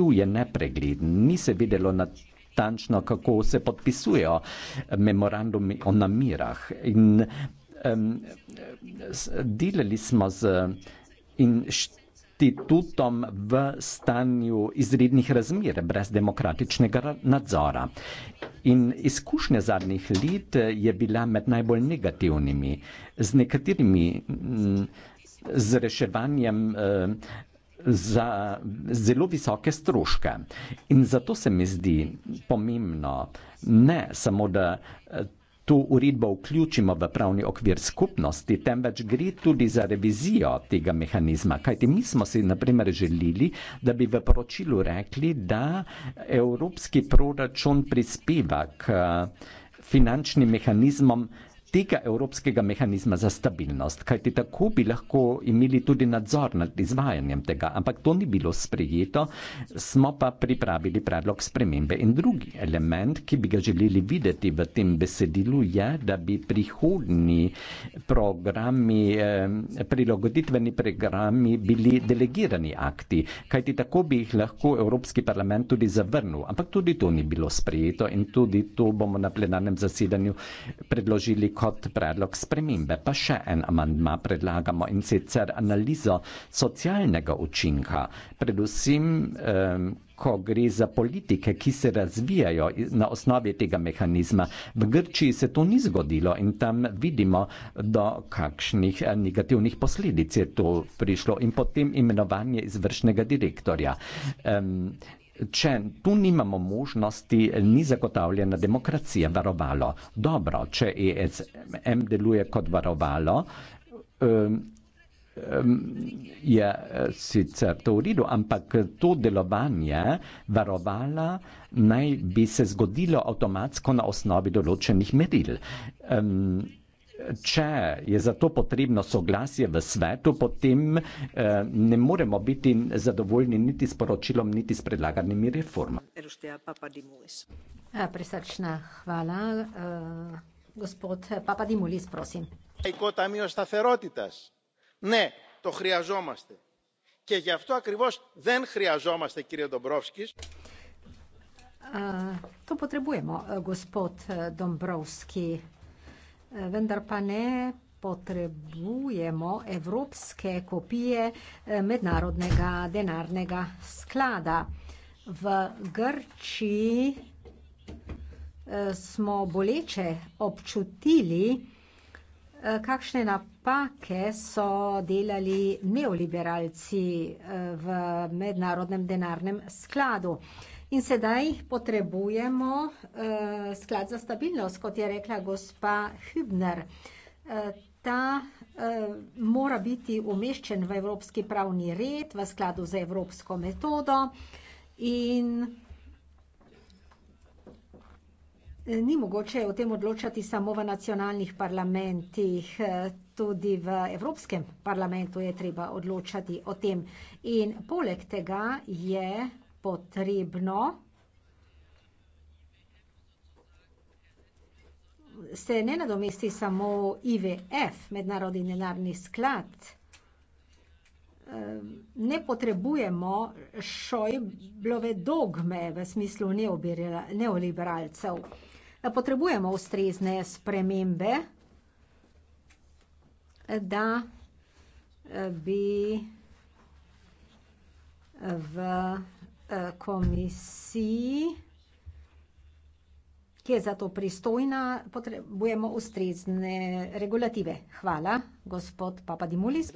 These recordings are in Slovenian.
bil je nepregleden, ni se vedelo natančno, kako se podpisujejo memorandumi o namirah. In, um, delali smo z inštitutom v stanju izrednih razmer, brez demokratičnega nadzora. In izkušnja zadnjih let je bila med najbolj negativnimi, z nekaterimi. Z reševanjem eh, za zelo visoke stroške. In zato se mi zdi pomembno ne samo, da eh, to uredbo vključimo v pravni okvir skupnosti, temveč gre tudi za revizijo tega mehanizma. Kajti mi smo si naprimer želeli, da bi v poročilu rekli, da evropski proračun prispeva k eh, finančnim mehanizmom tega evropskega mehanizma za stabilnost, kajti tako bi lahko imeli tudi nadzor nad izvajanjem tega, ampak to ni bilo sprejeto, smo pa pripravili predlog spremembe. In drugi element, ki bi ga želeli videti v tem besedilu, je, da bi prihodni programi, eh, prilagoditveni programi bili delegirani akti, kajti tako bi jih lahko Evropski parlament tudi zavrnil, ampak tudi to ni bilo sprejeto in tudi to bomo na plenarnem zasedanju predložili kot predlog spremembe pa še en amandma predlagamo in sicer analizo socialnega učinka, predvsem, um, ko gre za politike, ki se razvijajo na osnovi tega mehanizma. V Grčiji se to ni zgodilo in tam vidimo, do kakšnih eh, negativnih posledic je to prišlo in potem imenovanje izvršnega direktorja. Um, Če tu nimamo možnosti, ni zagotavljena demokracija varovalo. Dobro, če ESM deluje kot varovalo, je sicer to v redu, ampak to delovanje varovala naj bi se zgodilo avtomatsko na osnovi določenih meril če je za to potrebno soglasje v svetu, potem eh, ne moremo biti zadovoljni niti s poročilom, niti s predlaganimi reformami. Eh, Presrčna hvala. Eh, gospod Papadimulis, prosim. Laiko tamijo staterotita. Ne, to hrijažomaste. Kje je to akrivoš, ven hrijažomaste, kjer je Dobrovskis. To potrebujemo, gospod Dombrovski vendar pa ne potrebujemo evropske kopije eh, mednarodnega denarnega sklada. V Grčiji eh, smo boleče občutili, eh, kakšne napake so delali neoliberalci v mednarodnem denarnem skladu. In sedaj potrebujemo uh, sklad za stabilnost, kot je rekla gospa Hübner. Uh, ta uh, mora biti umeščen v evropski pravni red, v skladu z evropsko metodo in ni mogoče o tem odločati samo v nacionalnih parlamentih. Uh, Tudi v Evropskem parlamentu je treba odločati o tem. In poleg tega je potrebno. Se ne nadomesti samo IVF, mednarodni denarni sklad. Ehm, ne potrebujemo šojblove dogme v smislu neoliberalcev. Potrebujemo ustrezne spremembe, da eh, bi v Eh, komisiji, ki je za to pristojna, potrebujemo ustrezne regulative. Hvala. Gospod Papadimulis.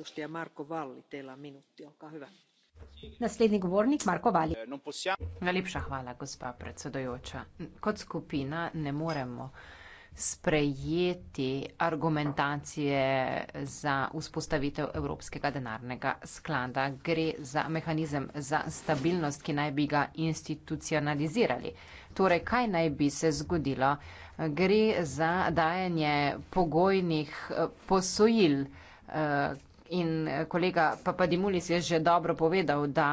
Naslednji govornik, Marko Vali. Najlepša hvala, gospa predsedujoča. Kot skupina ne moremo sprejeti argumentacije za vzpostavitev Evropskega denarnega sklada. Gre za mehanizem za stabilnost, ki naj bi ga institucionalizirali. Torej, kaj naj bi se zgodilo? Gre za dajanje pogojnih eh, posojil, eh, In eh, kolega Papadimulis je že dobro povedal, da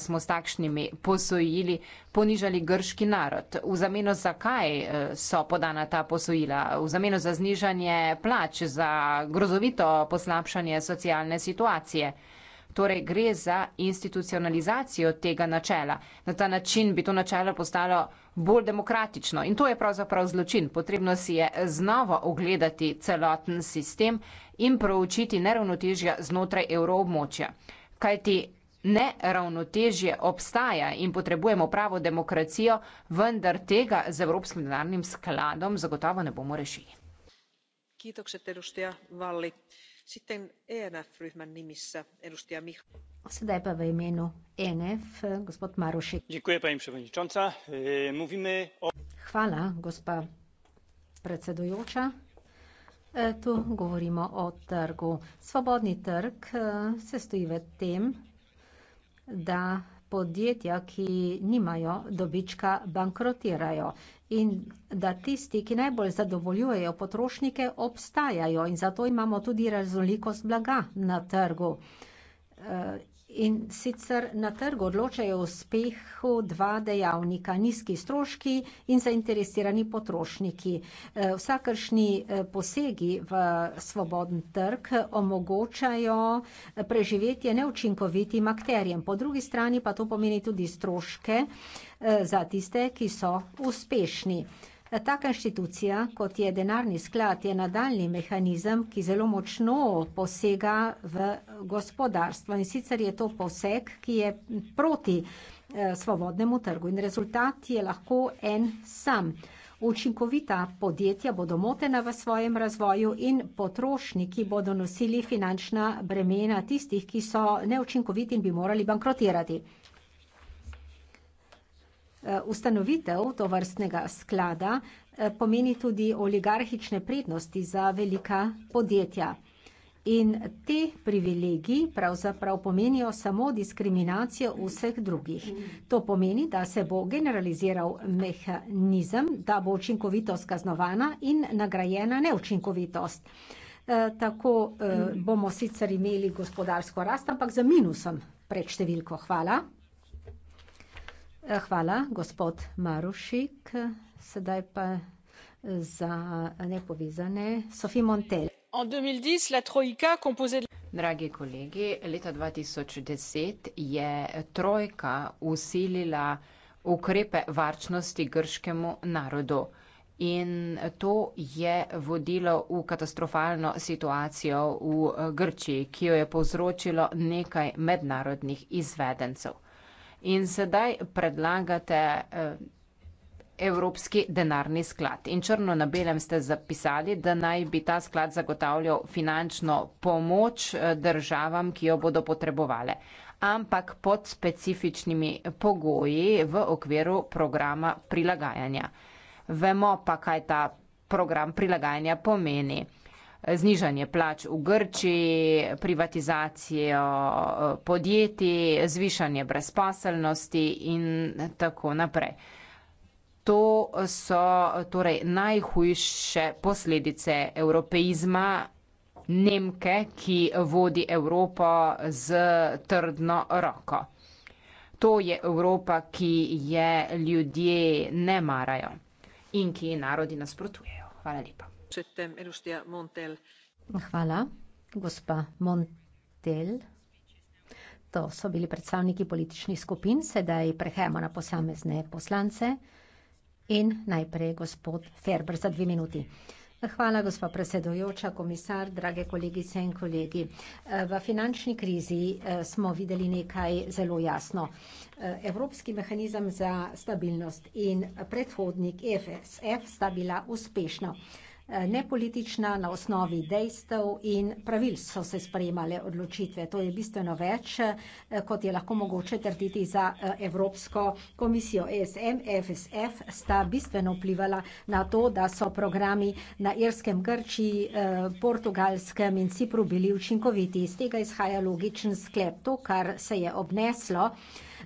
smo s takšnimi posojili ponižali grški narod. V zameno za kaj eh, so podana ta posojila? V zameno za znižanje plač, za grozovito poslabšanje socialne situacije? Torej gre za institucionalizacijo tega načela. Na ta način bi to načelo postalo bolj demokratično in to je pravzaprav zločin. Potrebno si je znova ogledati celoten sistem in proučiti neravnotežja znotraj evroobmočja. Kajti neravnotežje obstaja in potrebujemo pravo demokracijo, vendar tega z Evropskim denarnim skladom zagotovo ne bomo rešili. Kiitokset, edustaja Valli. Sitten ENF-ryhmän nimissä edustaja Mih- Sedaj pa v imenu ENF, gospod Marušik. E, Hvala, gospa predsedujoča. E, tu govorimo o trgu. Svobodni trg e, se stoji v tem, da podjetja, ki nimajo dobička, bankrotirajo in da tisti, ki najbolj zadovoljujejo potrošnike, obstajajo in zato imamo tudi razlikost blaga na trgu. Eh, In sicer na trgu odločajo o uspehu dva dejavnika, nizki stroški in zainteresirani potrošniki. Eh, vsakršni eh, posegi v svoboden trg omogočajo eh, preživetje neučinkovitim akterjem, po drugi strani pa to pomeni tudi stroške za tiste, ki so uspešni. Taka inštitucija, kot je denarni sklad, je nadaljni mehanizem, ki zelo močno posega v gospodarstvo in sicer je to poseg, ki je proti eh, svobodnemu trgu in rezultat je lahko en sam. Učinkovita podjetja bodo motena v svojem razvoju in potrošniki bodo nosili finančna bremena tistih, ki so neučinkoviti in bi morali bankrotirati. Eh, ustanovitev tovrstnega sklada eh, pomeni tudi oligarhične prednosti za velika podjetja. In ti privilegiji pravzaprav pomenijo samo diskriminacijo vseh drugih. To pomeni, da se bo generaliziral mehanizem, da bo učinkovitost kaznovana in nagrajena neučinkovitost. E, tako e, bomo sicer imeli gospodarsko rast, ampak za minusom pred številko. Hvala. Eh, hvala, gospod Marušik. Sedaj pa za nepovezane Sofi Montel. Dragi kolegi, leta 2010 je trojka usilila ukrepe varčnosti grškemu narodu. In to je vodilo v katastrofalno situacijo v Grčiji, ki jo je povzročilo nekaj mednarodnih izvedencev in sedaj predlagate eh, Evropski denarni sklad. In črno na belem ste zapisali, da naj bi ta sklad zagotavljal finančno pomoč eh, državam, ki jo bodo potrebovale, ampak pod specifičnimi pogoji v okviru programa prilagajanja. Vemo pa, kaj ta program prilagajanja pomeni znižanje plač v Grčiji, privatizacijo eh, podjetij, zvišanje brezposelnosti in tako naprej. To so torej najhujše posledice evropeizma Nemke, ki vodi Evropo z trdno roko. To je Evropa, ki je ljudje ne marajo in ki narodi nasprotujejo. Hvala lepa. Hvala. Gospa Montel. To so bili predstavniki političnih skupin, sedaj prehajamo na posamezne poslance. In najprej gospod Ferber za dve minuti. Hvala, gospa predsedojoča, komisar, drage kolegice in kolegi. V finančni krizi eh, smo videli nekaj zelo jasno. Eh, evropski mehanizem za stabilnost in predhodnik EFSF sta bila uspešna nepolitična, na osnovi dejstev in pravil so se sprejemale odločitve. To je bistveno več, eh, kot je lahko mogoče trditi za eh, Evropsko komisijo. ESM, FSF e sta bistveno vplivala na to, da so programi na Irskem, Grčiji, eh, Portugalskem in Cipru bili učinkoviti. Iz tega izhaja logičen sklep. To, kar se je obneslo,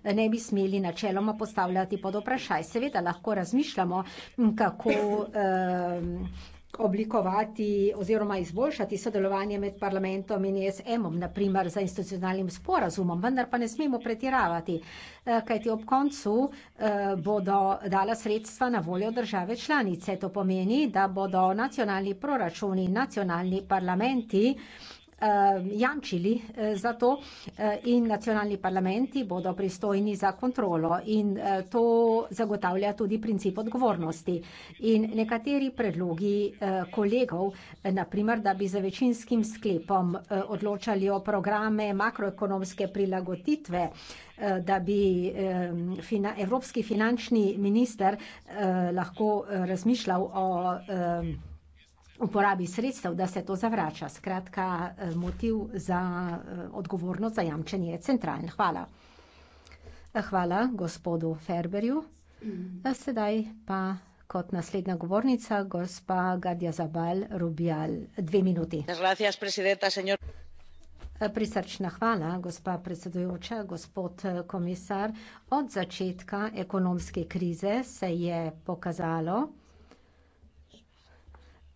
ne bi smeli načeloma postavljati pod vprašaj. Seveda lahko razmišljamo, kako oblikovati oziroma izboljšati sodelovanje med parlamentom in ESM-om, naprimer za institucionalnim sporazumom, vendar pa ne smemo pretiravati, e, kajti ob koncu e, bodo dala sredstva na voljo države članice. To pomeni, da bodo nacionalni proračuni, nacionalni parlamenti Um, jamčili eh, za to eh, in nacionalni parlamenti bodo pristojni za kontrolo in eh, to zagotavlja tudi princip odgovornosti. In nekateri predlogi kolegov, naprimer, da bi za večinskim sklepom odločali o programe makroekonomske prilagotitve, da bi evropski finančni minister lahko razmišljal o uporabi sredstev, da se to zavrača. Skratka, eh, motiv za eh, odgovornost za jamčenje je centralen. Hvala. Eh, hvala gospodu Ferberju. Sedaj pa kot naslednja govornica, gospa Gadja Zabal Rubial. Dve minuti. Prisrčna hvala, gospa predsedujoča, gospod komisar. Od začetka ekonomske krize se je pokazalo,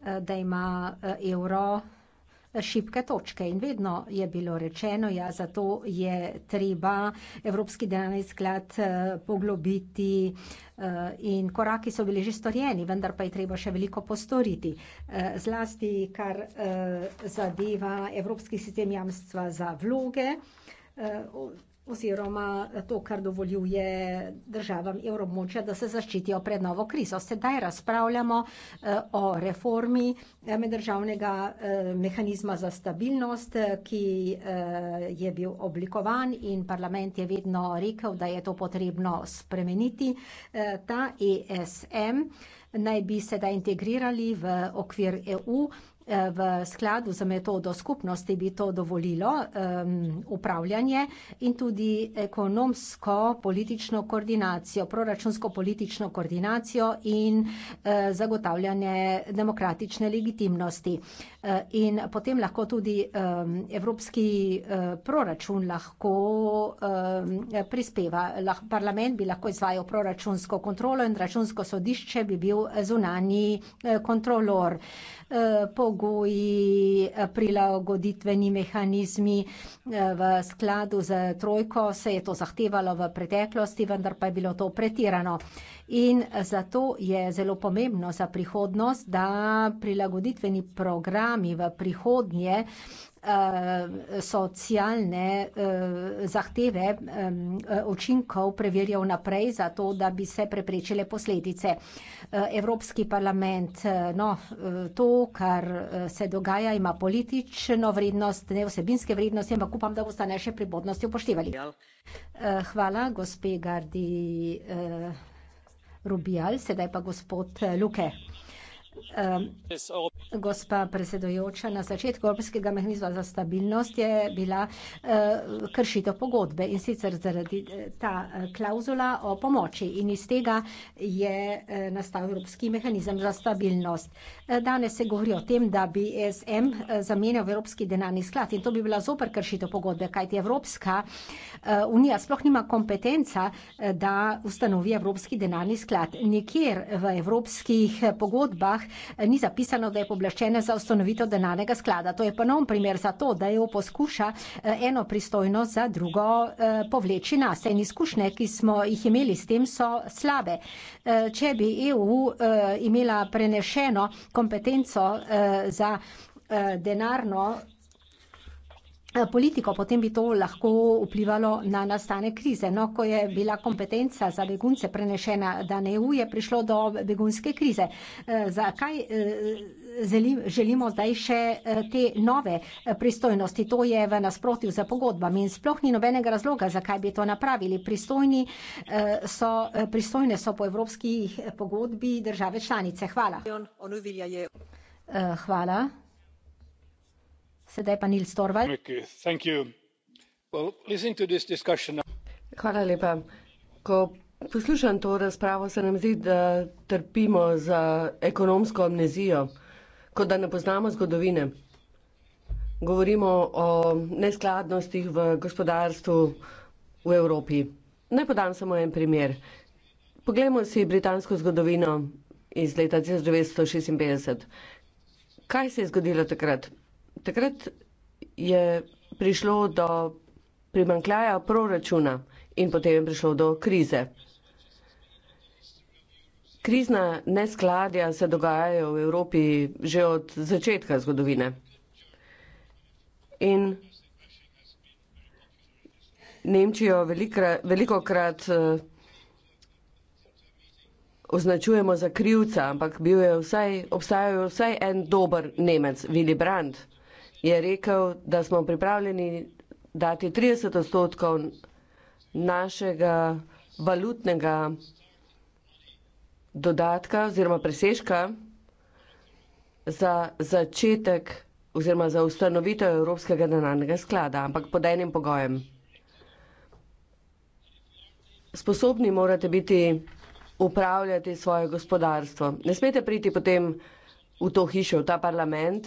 Eh, da ima eh, evro eh, šibke točke in vedno je bilo rečeno, ja, zato je treba Evropski denarni sklad poglobiti in koraki so bili že storjeni, vendar pa je treba še veliko postoriti. Zlasti, kar zadeva Evropski sistem jamstva za vloge, oziroma to, kar dovoljuje državam evroobmočja, da se zaščitijo pred novo krizo. Sedaj razpravljamo eh, o reformi eh, meddržavnega eh, mehanizma za stabilnost, ki je bil oblikovan in parlament je vedno rekel, da je to potrebno spremeniti. Ta ESM naj bi sedaj integrirali v okvir EU. Eh, v skladu z metodo skupnosti bi to dovolilo upravljanje in tudi ekonomsko politično koordinacijo, proračunsko politično koordinacijo in eh, zagotavljanje demokratične legitimnosti. Eh, in potem lahko tudi evropski proračun lahko prispeva. Parlament bi lahko izvajal proračunsko kontrolo in računsko sodišče bi bil zunanji kontrolor. Eh, pogoji, eh, prilagoditveni mehanizmi, eh, v skladu s trojko se je to zahtevalo v preteklosti, vendar pa je bilo to pretirano. In zato je zelo pomembno za prihodnost, da prilagoditveni programi v prihodnje, Eh, socialne eh, zahteve eh, učinkov preverjal naprej, zato da bi se preprečile posledice. Evropski parlament, no, to, kar se dogaja, ima politično vrednost, ne vsebinske vrednosti, ampak upam, da boste naše pribodnosti upoštevali. Hvala, gospe Gardi Rubijal, sedaj pa gospod Luke gospa predsedujoča, na začetku Evropskega mehanizma za stabilnost je bila eh, kršitev pogodbe in sicer zaradi eh, ta eh, klauzula o pomoči in iz tega je nastal Evropski mehanizem za stabilnost. Danes se govori o tem, da bi ESM zamenjal Evropski denarni sklad in to bi bila zopr kršitev pogodbe, kajti Evropska unija sploh nima kompetenca, da ustanovi Evropski denarni sklad. Nikjer v evropskih pogodbah Eh, ni zapisano, da je poblaščena za ustanovitev denarnega sklada. To je ponovno primer za to, da jo e poskuša eh, eno pristojnost za drugo eh, povleči na se. In izkušnje, ki smo jih imeli s tem, so slabe. Če bi EU imela prenešeno kompetenco za denarno Eh, politiko, potem bi to lahko vplivalo na nastanek krize. No, ko je bila kompetenca za begunce prenešena na EU, je prišlo do begunske krize. Eh, zakaj eh, želimo zdaj še te nove pristojnosti? To je v nasprotju za pogodbami in sploh ni nobenega razloga, zakaj bi to napravili. So, pristojne so po evropskih pogodbi države članice. Hvala. Hvala. Hvala lepa. Ko poslušam to razpravo, se nam zdi, da trpimo za ekonomsko amnezijo, kot da ne poznamo zgodovine. Govorimo o neskladnostih v gospodarstvu v Evropi. Naj podam samo en primer. Poglejmo si britansko zgodovino iz leta tisoč devetsto šestinpetdeset. Kaj se je zgodilo takrat? takrat je prišlo do primankljaja proračuna in potem je prišlo do krize. Krizna neskladja se dogajajo v Evropi že od začetka zgodovine. In Nemčijo velikra, veliko krat eh, označujemo za krivca, ampak bil je vsaj, obstajal vsaj en dober Nemec, Willy Brandt je rekel, da smo pripravljeni dati 30 odstotkov našega valutnega dodatka oziroma presežka za začetek oziroma za ustanovitev Evropskega denarnega sklada, ampak pod enim pogojem. Sposobni morate biti upravljati svoje gospodarstvo. Ne smete priti potem v to hišo, v ta parlament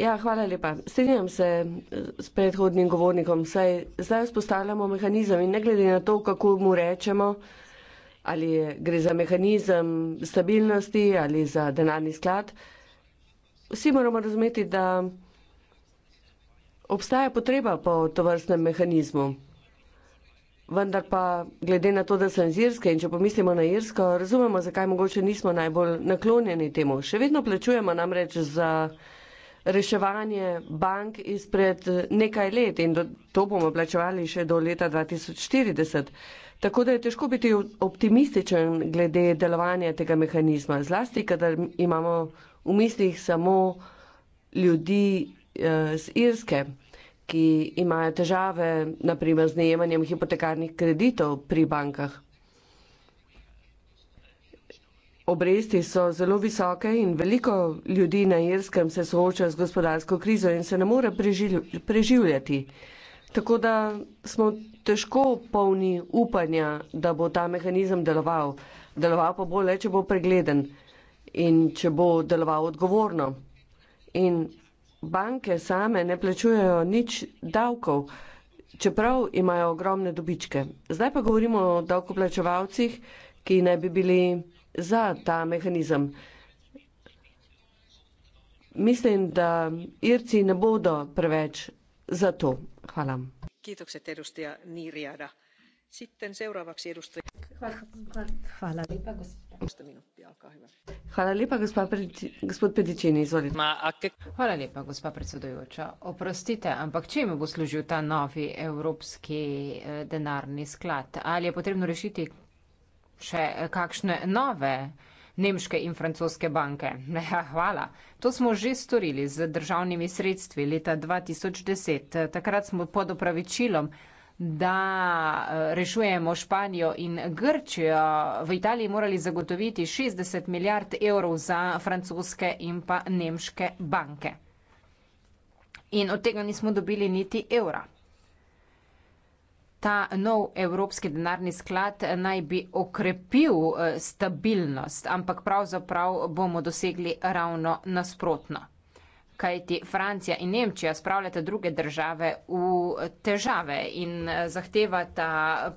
Ja, hvala lepa. Strinjam se eh, s predhodnim govornikom. Saj, zdaj vzpostavljamo mehanizem in ne glede na to, kako mu rečemo, ali gre za mehanizem stabilnosti ali za denarni sklad, vsi moramo razumeti, da obstaja potreba po tovrstnem mehanizmu. Vendar pa, glede na to, da sem iz Irske in če pomislimo na Irsko, razumemo, zakaj mogoče nismo najbolj naklonjeni temu. Še vedno plačujemo namreč za reševanje bank izpred nekaj let in to bomo plačevali še do leta 2040. Tako da je težko biti optimističen glede delovanja tega mehanizma, zlasti, kadar imamo v mislih samo ljudi eh, z Irske, ki imajo težave, naprimer, z najemanjem hipotekarnih kreditov pri bankah obresti so zelo visoke in veliko ljudi na Irskem se sooča z gospodarsko krizo in se ne more preživljati. Tako da smo težko polni upanja, da bo ta mehanizem deloval. Deloval pa bo le, če bo pregleden in če bo deloval odgovorno. In banke same ne plačujejo nič davkov, čeprav imajo ogromne dobičke. Zdaj pa govorimo o davkoplačevalcih, ki naj bi bili za ta mehanizem. Mislim, da Irci ne bodo preveč za to. Hvala. Hvala lepa, Hvala lepa, gospod Pedičini. Hvala lepa, gospa predsedujoča. Oprostite, ampak čemu bo služil ta novi evropski eh, denarni sklad? Ali je potrebno rešiti še kakšne nove nemške in francoske banke. Ja, hvala. To smo že storili z državnimi sredstvi leta 2010. Takrat smo pod opravičilom, da eh, rešujemo Španijo in Grčijo, v Italiji morali zagotoviti 60 milijard evrov za francoske in pa nemške banke. In od tega nismo dobili niti evra ta nov evropski denarni sklad naj bi okrepil eh, stabilnost, ampak pravzaprav bomo dosegli ravno nasprotno. Kajti Francija in Nemčija spravljata druge države v eh, težave in eh, zahtevata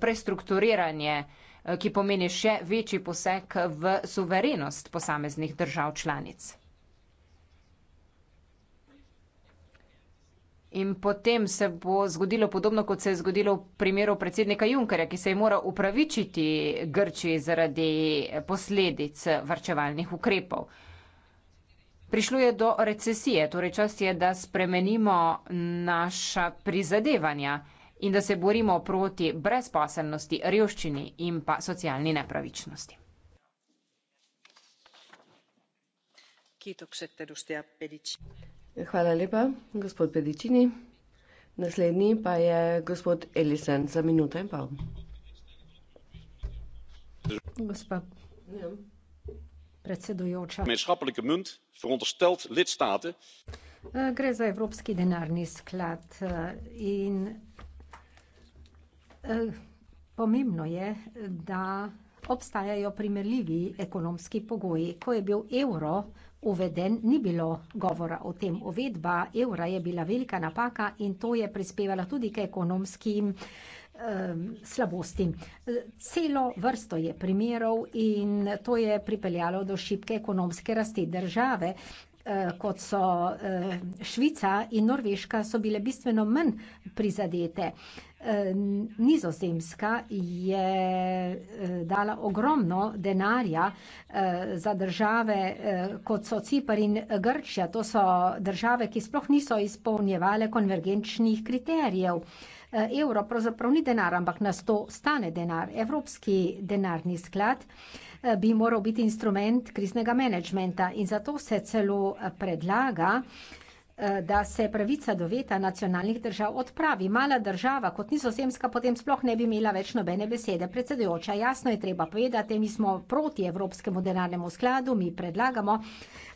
prestrukturiranje, ki pomeni še večji poseg v suverenost posameznih držav članic. In potem se bo zgodilo podobno, kot se je zgodilo v primeru predsednika Junkerja, ki se je moral upravičiti Grčiji zaradi posledic varčevalnih ukrepov. Prišlo je do recesije, torej čas je, da spremenimo naša prizadevanja in da se borimo proti brezposelnosti, revščini in pa socialni nepravičnosti. Kito, Hvala lepa, gospod Pedičini. Naslednji pa je gospod Elisen za minuto in pol. Gospa. Predsedujoča. Eh, gre za Evropski denarni sklad eh, in eh, pomembno je, da obstajajo primerljivi ekonomski pogoji. Ko je bil evro uveden, ni bilo govora o tem. Uvedba evra je bila velika napaka in to je prispevalo tudi k ekonomskim slabosti. Celo vrsto je primerov in to je pripeljalo do šibke ekonomske rasti države. Eh, kot so eh, Švica in Norveška, so bile bistveno manj prizadete. Eh, Nizozemska je dala ogromno denarja za države, kot so Cipar in Grčija. To so države, ki sploh niso izpolnjevale konvergenčnih kriterijev. Eh, evro pravzaprav ni denar, ampak nas to stane denar. Evropski denarni sklad eh, bi moral biti instrument kriznega menedžmenta in zato se celo eh, predlaga, da se pravica do veta nacionalnih držav odpravi. Mala država kot nizozemska potem sploh ne bi imela več nobene besede. Predsedujoča, jasno je treba povedati, mi smo proti Evropskemu denarnemu skladu, mi predlagamo,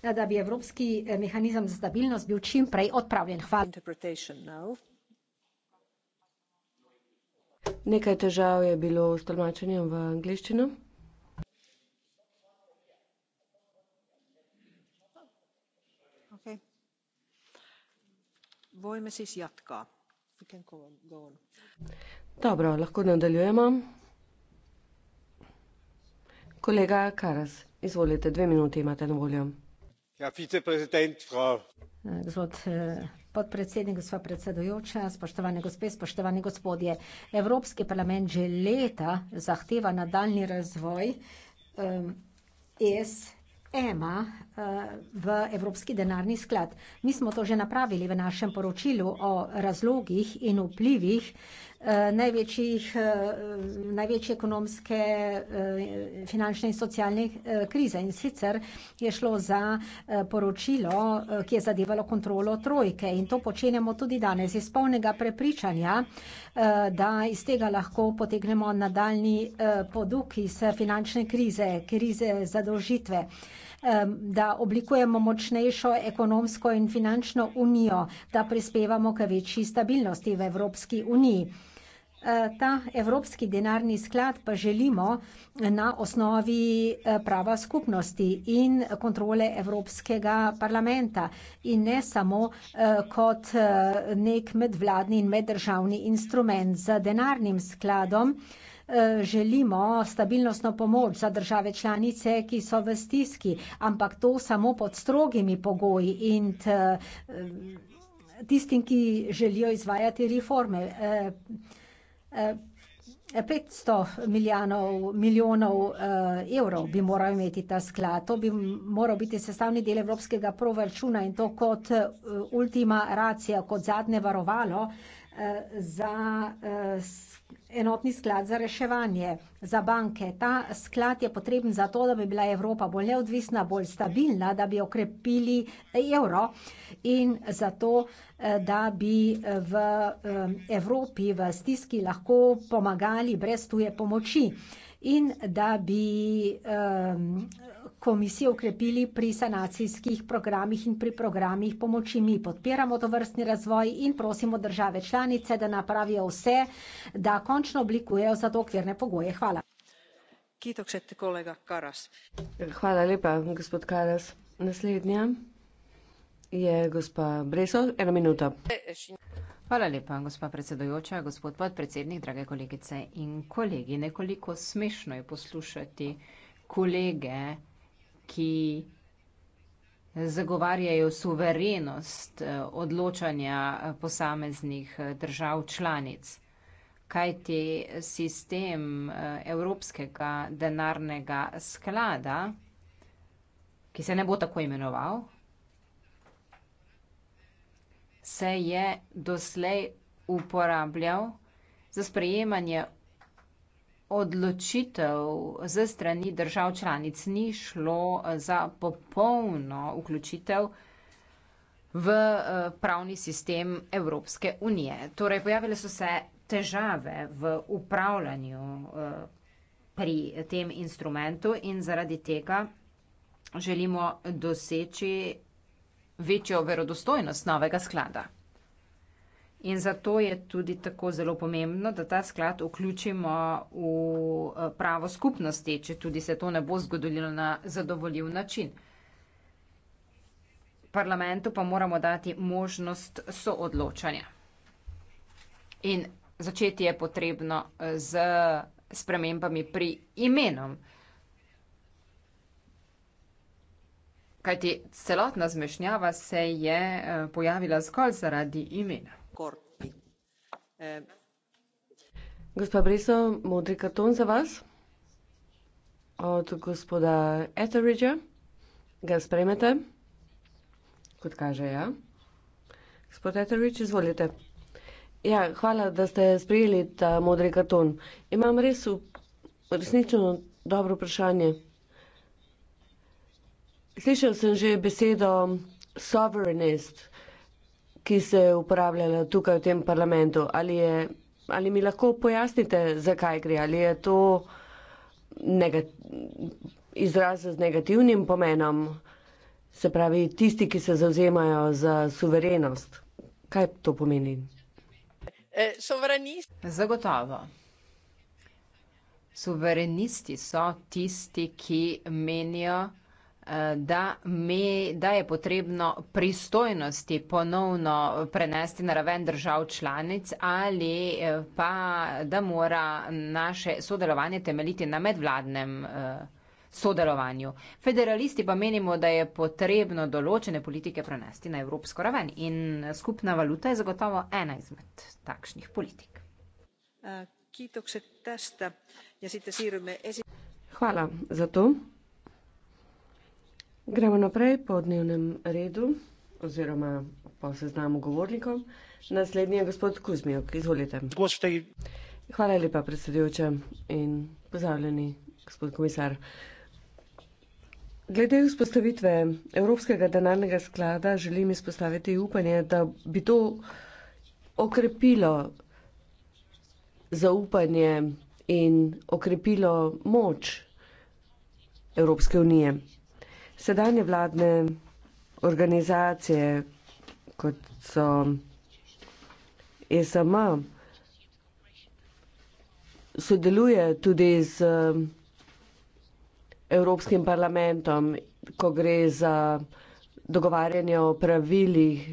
da bi Evropski mehanizem za stabilnost bil čim prej odpravljen. Hvala. Nekaj težav je bilo s tolmačenjem v angleščino. Dobro, lahko nadaljujemo. Kolega Karas, izvolite, dve minuti imate na voljo. Ja, vicepresident, frau. Gospod, eh, podpredsednik, gospa predsedujoča, spoštovane gospe, spoštovani gospodje. Evropski parlament že leta zahteva nadaljni razvoj, ESM-a, eh, e e eh, v evropski denarni sklad. Mi smo to že napravili v našem poročilu o razlogih in vplivih, Eh, največjih, eh, največje ekonomske, eh, finančne in socialne krize. In sicer je šlo za poročilo, ki je zadevalo kontrolo trojke. In to počenjamo tudi danes iz polnega prepričanja, da iz tega lahko potegnemo nadaljni poduk iz finančne krize, krize zadolžitve da oblikujemo močnejšo ekonomsko in finančno unijo, da prispevamo k večji stabilnosti v Evropski uniji. E, ta Evropski denarni sklad pa želimo na osnovi e, prava skupnosti in kontrole Evropskega parlamenta in ne samo e, kot nek medvladni in meddržavni instrument. Za denarnim skladom Eh, želimo stabilnostno pomoč za države članice, ki so v stiski, ampak to samo pod strogimi pogoji in t, eh, tistim, ki želijo izvajati reforme. Eh, petsto milijonov, milijonov uh, evrov bi moral imeti ta sklad. To bi moral biti sestavni del evropskega proračuna in to kot uh, ultima racija, kot zadnje varovalo uh, za uh, enotni sklad za reševanje za banke. Ta sklad je potreben za to, da bi bila Evropa bolj neodvisna, bolj stabilna, da bi okrepili evro in zato, eh, da bi eh, v eh, Evropi v stiski lahko pomagali brez tuje pomoči in da bi um, komisije ukrepili pri sanacijskih programih in pri programih pomoči. Mi podpiramo to vrstni razvoj in prosimo države članice, da napravijo vse, da končno oblikujejo za to okvirne pogoje. Hvala. Hvala lepa, gospod Karas. Naslednja je gospa Breso, ena minuta. Hvala lepa, gospa predsedojoča, gospod podpredsednik, drage kolegice in kolegi. Nekoliko smešno je poslušati kolege ki zagovarjajo suverenost eh, odločanja posameznih eh, držav članic. Kajti sistem eh, Evropskega denarnega sklada, ki se ne bo tako imenoval, se je doslej uporabljal za sprejemanje odločitev ze strani držav članic ni šlo za popolno vključitev v eh, pravni sistem Evropske unije. Torej, pojavile so se težave v upravljanju eh, pri tem instrumentu in zaradi tega želimo doseči večjo verodostojnost novega sklada. In zato je tudi tako zelo pomembno, da ta sklad vključimo v eh, pravo skupnosti, če tudi se to ne bo zgodilo na zadovoljiv način. Parlamentu pa moramo dati možnost soodločanja. In začeti je potrebno z eh, spremembami pri imenom. Kajti celotna zmešnjava se je eh, pojavila zgolj zaradi imena. Ehm. Gospa Bresso, modri karton za vas. Od gospoda Etheridgea. Ga sprejmete? Kot kaže, ja. Gospod Etheridge, izvolite. Ja, hvala, da ste sprejeli ta modri karton. Imam res resnično dobro vprašanje. Slišal sem že besedo sovereignist ki se je uporabljala tukaj v tem parlamentu. Ali, je, ali mi lahko pojasnite, zakaj gre? Ali je to nega, izraz z negativnim pomenom, se pravi tisti, ki se zauzemajo za suverenost? Kaj to pomeni? E, Sovranist. Zagotovo. Suverenisti so tisti, ki menijo, da, me, da je potrebno pristojnosti ponovno prenesti na raven držav članic ali eh, pa da mora naše sodelovanje temeljiti na medvladnem eh, sodelovanju. Federalisti pa menimo, da je potrebno določene politike prenesti na evropsko raven in skupna valuta je zagotovo ena izmed takšnih politik. Eh, ja Hvala za to. Gremo naprej po dnevnem redu oziroma po seznamu govornikov. Naslednji je gospod Kuzmijok, izvolite. Hvala lepa, predsedujoča in pozdravljeni, gospod komisar. Glede vzpostavitve Evropskega denarnega sklada želim izpostaviti upanje, da bi to okrepilo zaupanje in okrepilo moč Evropske unije sedanje vladne organizacije, kot so e SM, sodeluje tudi z um, Evropskim parlamentom, ko gre za dogovarjanje o pravilih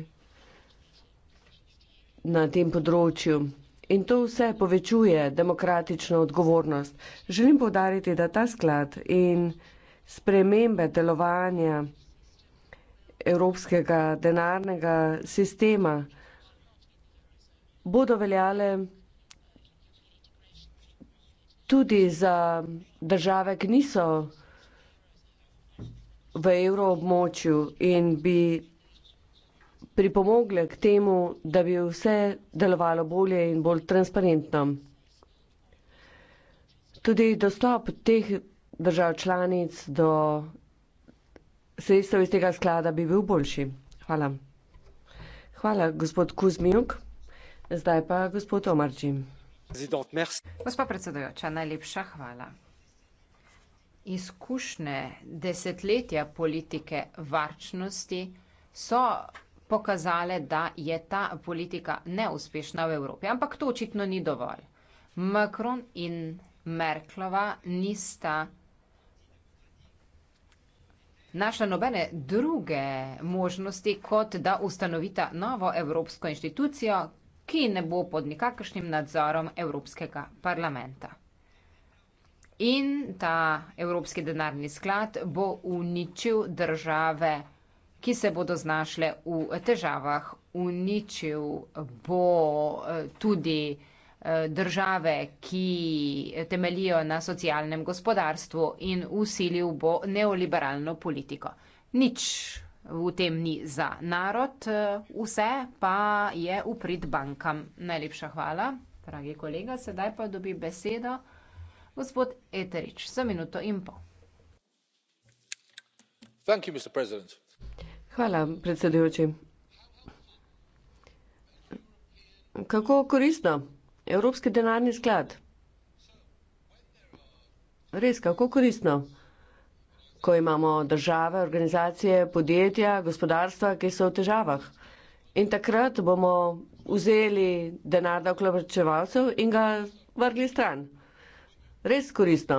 na tem področju. In to vse povečuje demokratično odgovornost. Želim povdariti, da ta sklad in spremembe delovanja evropskega denarnega sistema bodo veljale tudi za države, ki niso v evroobmočju in bi pripomogle k temu, da bi vse delovalo bolje in bolj transparentno. Tudi dostop teh držav članic do sredstev iz tega sklada bi bil boljši. Hvala. Hvala, gospod Kuzmijuk. Zdaj pa gospod Omarči. Gospod predsedujoča, najlepša hvala. Izkušnje desetletja politike varčnosti so pokazale, da je ta politika neuspešna v Evropi, ampak to očitno ni dovolj. Macron in Merklova nista našla nobene druge možnosti, kot da ustanovita novo evropsko inštitucijo, ki ne bo pod nikakršnim nadzorom Evropskega parlamenta. In ta Evropski denarni sklad bo uničil države, ki se bodo znašle v težavah, uničil bo eh, tudi. Eh, države, ki temelijo na socialnem gospodarstvu in usilil bo neoliberalno politiko. Nič v tem ni za narod, eh, vse pa je uprit bankam. Najlepša hvala, dragi kolega. Sedaj pa dobi besedo gospod Eterič za minuto in pol. Thank you, Mr. President. Hvala, predsedujoči. Kako koristno Evropski denarni sklad. Res, kako koristno, ko imamo države, organizacije, podjetja, gospodarstva, ki so v težavah. In takrat bomo vzeli denar do okolovrčevalcev in ga vrgli stran. Res koristno.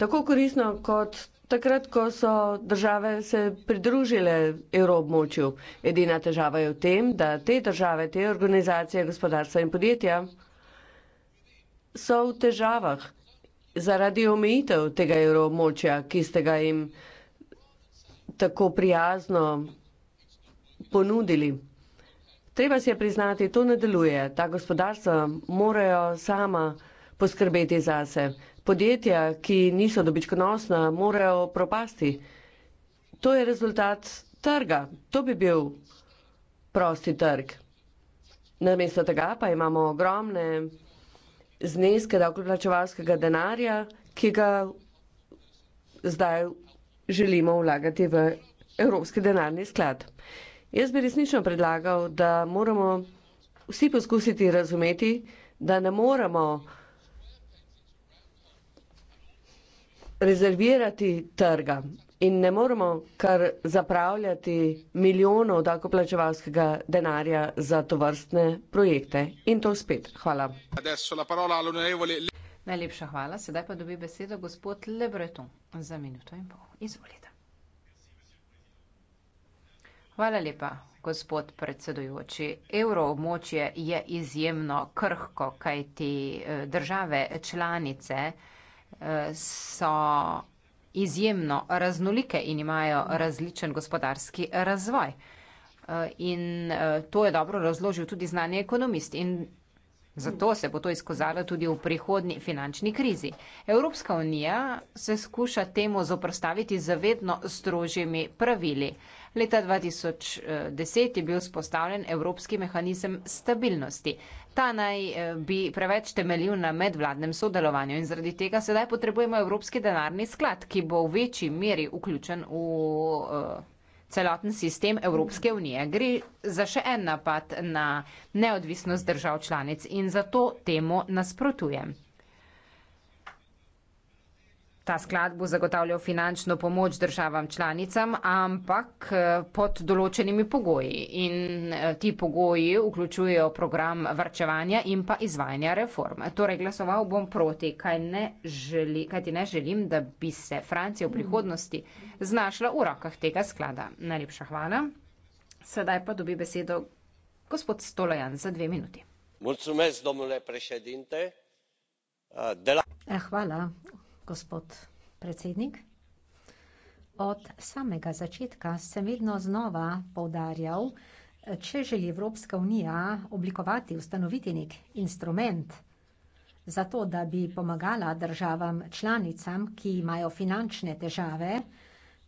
Tako koristno, kot Takrat, ko so države se pridružile evroobmočju, edina težava je v tem, da te države, te organizacije, gospodarstva in podjetja so v težavah zaradi omejitev tega evroobmočja, ki ste ga jim tako prijazno ponudili. Treba si je priznati, to ne deluje. Ta gospodarstva morajo sama poskrbeti zase podjetja, ki niso dobičkonosna, morajo propasti. To je rezultat trga. To bi bil prosti trg. Namesto tega pa imamo ogromne zneske davkoplačevalskega denarja, ki ga zdaj želimo vlagati v Evropski denarni sklad. Jaz bi resnično predlagal, da moramo vsi poskusiti razumeti, da ne moramo rezervirati trga in ne moremo kar zapravljati milijonov davkoplačevalskega denarja za to vrstne projekte. In to spet. Hvala. Najlepša hvala. Sedaj pa dobi besedo gospod Le Breton za minuto in pol. Izvolite. Hvala lepa, gospod predsedujoči. Evroobmočje je izjemno krhko, kajti eh, države članice so izjemno raznolike in imajo različen gospodarski razvoj. Eh, in eh, to je dobro razložil tudi znanje ekonomist in zato se bo to izkazalo tudi v prihodnji finančni krizi. Evropska unija se skuša temu zoprstaviti z vedno strožjimi pravili. Leta 2010 je bil spostavljen Evropski mehanizem stabilnosti. Ta naj eh, bi preveč temeljil na medvladnem sodelovanju in zaradi tega sedaj potrebujemo Evropski denarni sklad, ki bo v večji meri vključen v eh, celoten sistem Evropske unije. Gre za še en napad na neodvisnost držav članic in zato temu nasprotujem. Ta sklad bo zagotavljal finančno pomoč državam članicam, ampak eh, pod določenimi pogoji. In eh, ti pogoji vključujejo program vrčevanja in pa izvajanja reform. Torej, glasoval bom proti, kaj, ne želi, kaj ti ne želim, da bi se Francija v prihodnosti znašla v rokah tega sklada. Najlepša hvala. Sedaj pa dobi besedo gospod Stolajan za dve minuti. Mulțumesc, domnule președinte. De la... Eh, hvala, gospod predsednik. Od samega začetka sem vedno znova povdarjal, če želi Evropska unija oblikovati, ustanoviti nek instrument za to, da bi pomagala državam članicam, ki imajo finančne težave,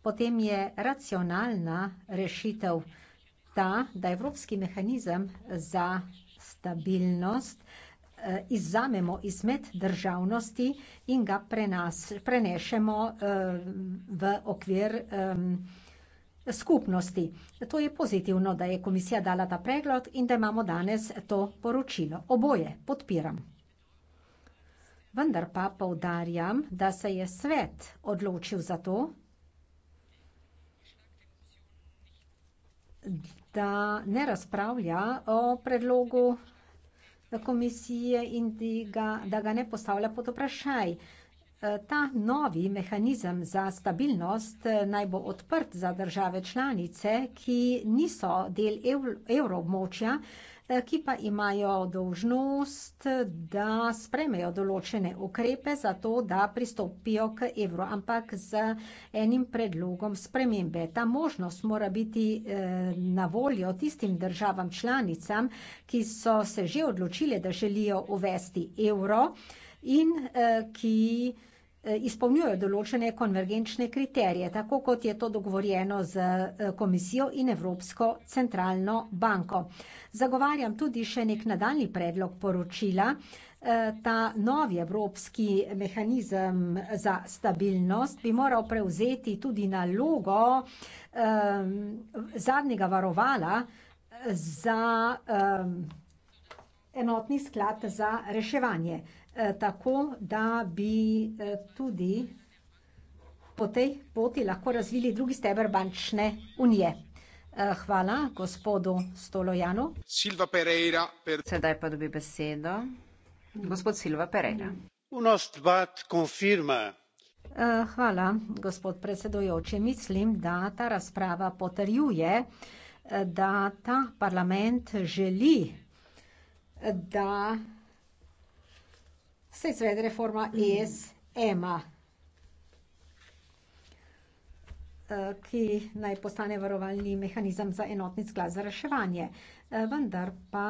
potem je racionalna rešitev ta, da evropski mehanizem za stabilnost Eh, izzamemo iz meddržavnosti in ga prenas, prenešemo eh, v okvir skupnosti. To je pozitivno, da je komisija dala ta pregled in da imamo danes to poročilo. Oboje podpiram. Vendar pa poudarjam, da se je svet odločil za to, da ne razpravlja o predlogu komisije in ga, da ga ne postavlja pod vprašaj. E, ta novi mehanizem za stabilnost e, naj bo odprt za države članice, ki niso del evroobmočja, evro Eh, ki pa imajo dožnost, da spremejo določene ukrepe za to, da pristopijo k evru, ampak z enim predlogom spremembe. Ta možnost mora biti eh, na voljo tistim državam članicam, ki so se že odločile, da želijo uvesti evro in eh, ki Eh, izpolnjujejo določene konvergenčne kriterije, tako kot je to dogovorjeno z eh, komisijo in Evropsko centralno banko. Zagovarjam tudi še nek nadaljni predlog poročila, eh, ta novi evropski mehanizem za stabilnost bi moral prevzeti tudi nalogo um, zadnjega varovala za um, enotni sklad za reševanje. Eh, tako da bi eh, tudi po tej poti lahko razvili drugi steber bančne unije. Eh, hvala gospodu Stolojanu. Silva Pereira. Sedaj pa dobi besedo gospod Silva Pereira. Hvala, gospod predsedujoči. Mislim, da ta razprava potrjuje, da ta parlament želi, da Vsej seveda reforma mm. es ema, eh, ki naj postane varovalni mehanizem za enotni sklad za reševanje. Eh, vendar pa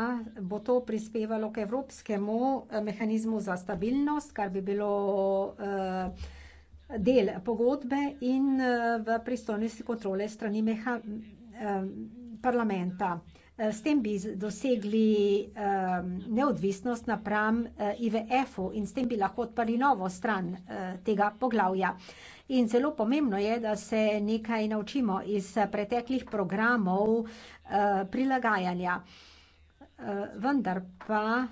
bo to prispevalo k evropskemu eh, mehanizmu za stabilnost, kar bi bilo del pogodbe in v pristojnosti kontrole strani meha, parlamenta. Eh, s tem bi dosegli um, neodvisnost napram uh, eh, IVF-u in s tem bi lahko odprli novo stran uh, tega poglavja. In zelo pomembno je, da se nekaj naučimo iz preteklih programov uh, prilagajanja. Uh, vendar pa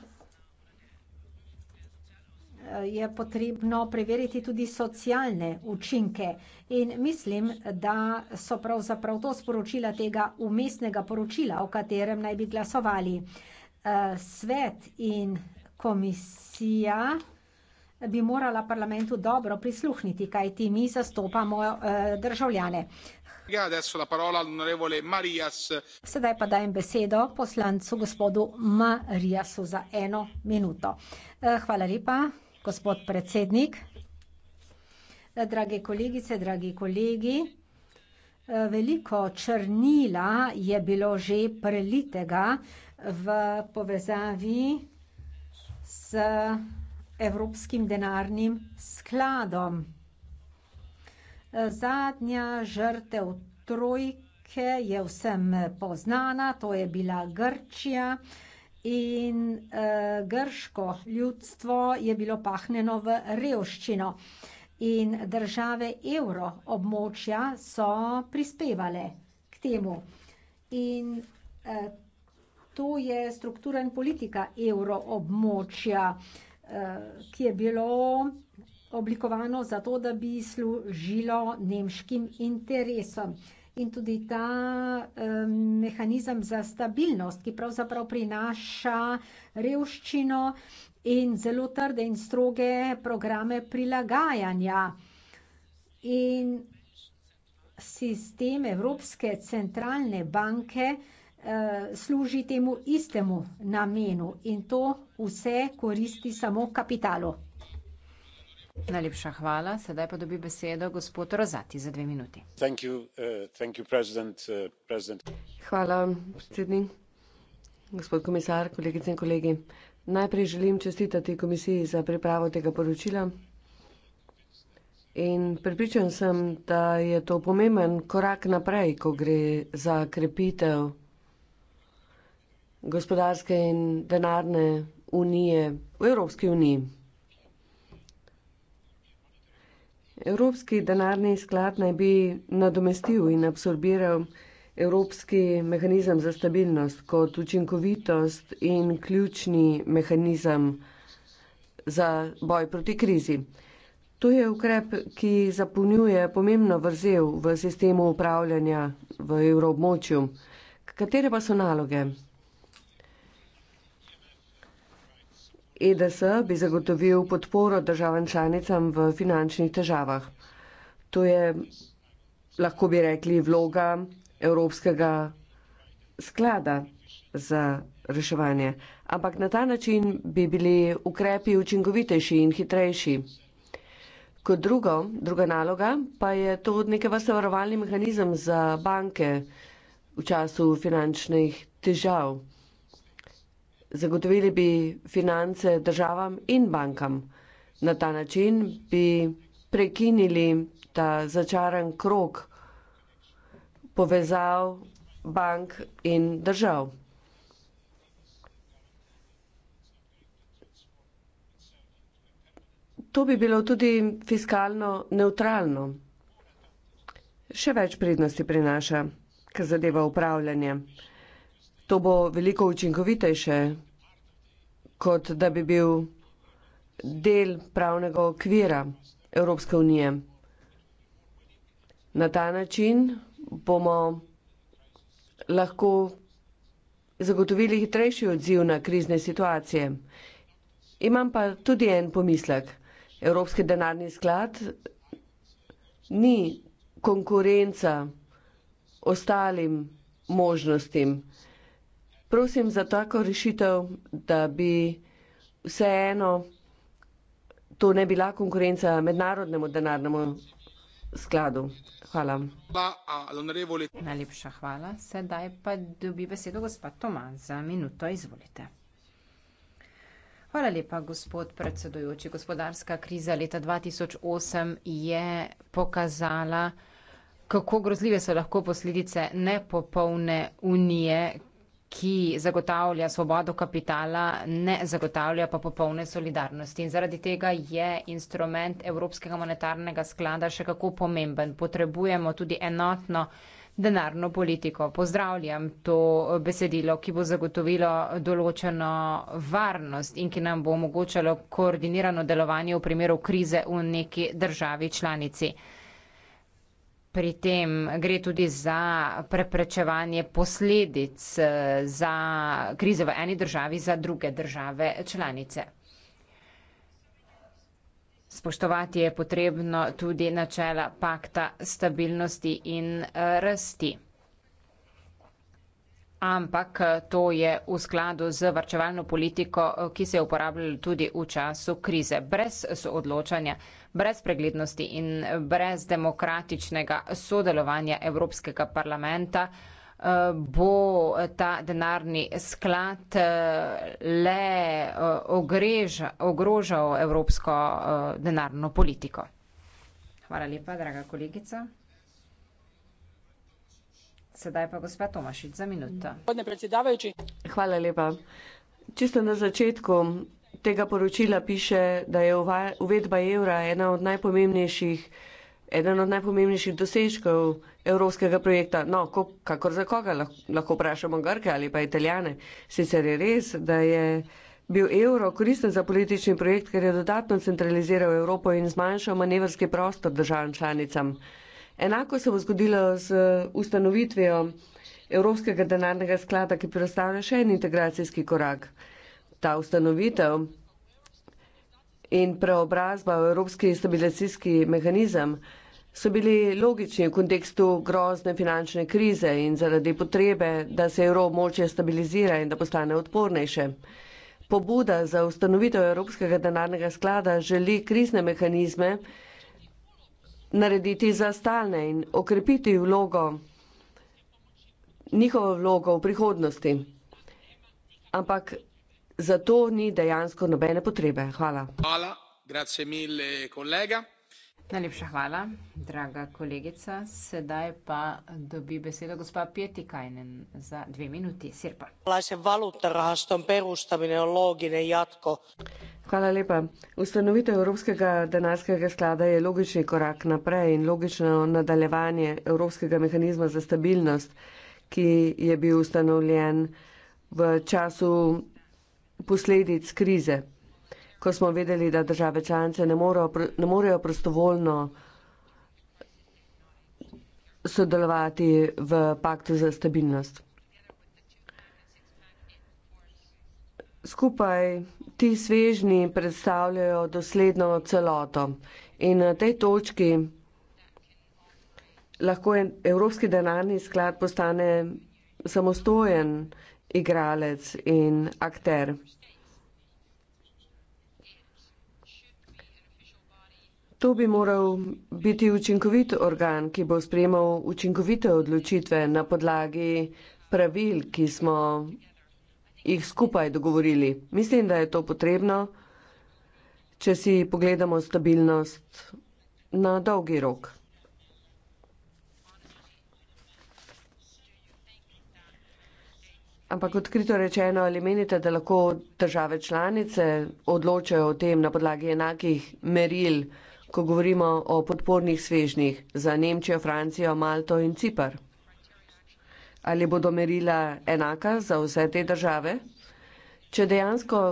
je potrebno preveriti tudi socialne učinke. In mislim, da so pravzaprav to sporočila tega umestnega poročila, o katerem naj bi glasovali. Eh, svet in komisija bi morala parlamentu dobro prisluhniti, kaj ti mi zastopamo eh, državljane. Ja, Sedaj pa dajem besedo poslancu gospodu Marijasu za eno minuto. Eh, hvala lepa gospod predsednik. Drage kolegice, dragi kolegi. Veliko črnila je bilo že prelitega v povezavi s Evropskim denarnim skladom. Zadnja žrtev trojke je vsem poznana, to je bila Grčija in uh, grško ljudstvo je bilo pahneno v revščino in države evro območja so prispevale k temu. In uh, to je struktura in politika evro območja, uh, eh, ki je bilo oblikovano zato, da bi služilo nemškim interesom. Uh, in tudi ta um, mehanizem za stabilnost, ki pravzaprav prinaša revščino in zelo trde in stroge programe prilagajanja. In sistem Evropske centralne banke uh, služi temu istemu namenu in to vse koristi samo kapitalu. Najlepša hvala. Sedaj pa dobi besedo gospod Rozati za dve minuti. Uh, uh, hvala, predsednik, gospod komisar, kolegice in kolegi. Najprej želim čestitati komisiji za pripravo tega poročila. In pripričan sem, da je to pomemben korak naprej, ko gre za krepitev gospodarske in denarne unije v Evropski uniji. Evropski denarni sklad naj bi nadomestil in absorbiral Evropski mehanizem za stabilnost kot učinkovitost in ključni mehanizem za boj proti krizi. To je ukrep, ki zapolnjuje pomembno vrzel v sistemu upravljanja v evrobmočju. Katere pa so naloge EDS bi zagotovil podporo državam članicam v finančnih težavah. To je, lahko bi rekli, vloga Evropskega sklada za reševanje. Ampak na ta način bi bili ukrepi učinkovitejši in hitrejši. Kot drugo, druga naloga pa je to neke vrste varovalni mehanizem za banke v času finančnih težav zagotovili bi finance državam in bankam. Na ta način bi prekinili ta začaran krok povezav bank in držav. To bi bilo tudi fiskalno neutralno. Še več prednosti prinaša, kar zadeva upravljanje to bo veliko učinkovitejše, kot da bi bil del pravnega okvira Evropske unije. Na ta način bomo lahko zagotovili hitrejši odziv na krizne situacije. Imam pa tudi en pomislek. Evropski denarni sklad ni konkurenca ostalim možnostim prosim za tako rešitev, da bi vseeno to ne bila konkurenca mednarodnemu denarnemu skladu. Hvala. Najlepša hvala. Sedaj pa dobi besedo gospa Toma. Za minuto izvolite. Hvala lepa, gospod predsedujoči. Gospodarska kriza leta 2008 je pokazala, kako grozljive so lahko posledice nepopolne unije, ki zagotavlja svobodo kapitala, ne zagotavlja pa popolne solidarnosti. In zaradi tega je instrument Evropskega monetarnega sklada še kako pomemben. Potrebujemo tudi enotno denarno politiko. Pozdravljam to besedilo, ki bo zagotovilo določeno varnost in ki nam bo omogočalo koordinirano delovanje v primeru krize v neki državi članici. Pri tem gre tudi za preprečevanje posledic eh, za krize v eni državi za druge države članice. Spoštovati je potrebno tudi načela pakta stabilnosti in eh, rasti. Ampak eh, to je v skladu z varčevalno politiko, ki se je uporabljala tudi v času krize, brez soodločanja brez preglednosti in brez demokratičnega sodelovanja Evropskega parlamenta eh, bo ta denarni sklad eh, le eh, ogrež, ogrožal evropsko denarno politiko. Hvala lepa, draga kolegica. Sedaj pa gospa Tomašič za minuto. Hvala lepa. Čisto na začetku tega poročila piše, da je uvedba evra ena od najpomembnejših, eden od najpomembnejših dosežkov evropskega projekta. No, ko, kakor za koga lahko, lahko vprašamo Grke ali pa Italijane. Sicer je res, da je bil evro koristen za politični projekt, ker je dodatno centraliziral Evropo in zmanjšal manevrski prostor državam članicam. Enako se bo zgodilo z ustanovitvijo Evropskega denarnega sklada, ki predstavlja še en integracijski korak ta ustanovitev in preobrazba v Evropski stabilizacijski mehanizem so bili logični v kontekstu grozne finančne krize in zaradi potrebe, da se evroobmočje stabilizira in da postane odpornejše. Pobuda za ustanovitev Evropskega denarnega sklada želi krizne mehanizme narediti za stalne in okrepiti vlogo, njihovo vlogo v prihodnosti. Ampak za to ni dejansko nobene potrebe. Hvala. Najlepša hvala, draga kolegica. Sedaj pa dobi besedo gospa Pietikainen za dve minuti. Sirpa. Hvala lepa. Ustanovitev Evropskega denarskega sklada je logični korak naprej in logično nadaljevanje Evropskega mehanizma za stabilnost, ki je bil ustanovljen v času posledic krize, ko smo vedeli, da države članice ne, ne morejo prostovoljno sodelovati v paktu za stabilnost. Skupaj ti svežni predstavljajo dosledno celoto in na tej točki lahko Evropski denarni sklad postane samostojen igralec in akter. To bi moral biti učinkovit organ, ki bo sprejemal učinkovite odločitve na podlagi pravil, ki smo jih skupaj dogovorili. Mislim, da je to potrebno, če si pogledamo stabilnost na dolgi rok. Ampak odkrito rečeno, ali menite, da lahko države članice odločajo o tem na podlagi enakih meril, ko govorimo o podpornih svežnih za Nemčijo, Francijo, Malto in Cipar? Ali bodo merila enaka za vse te države? Če dejansko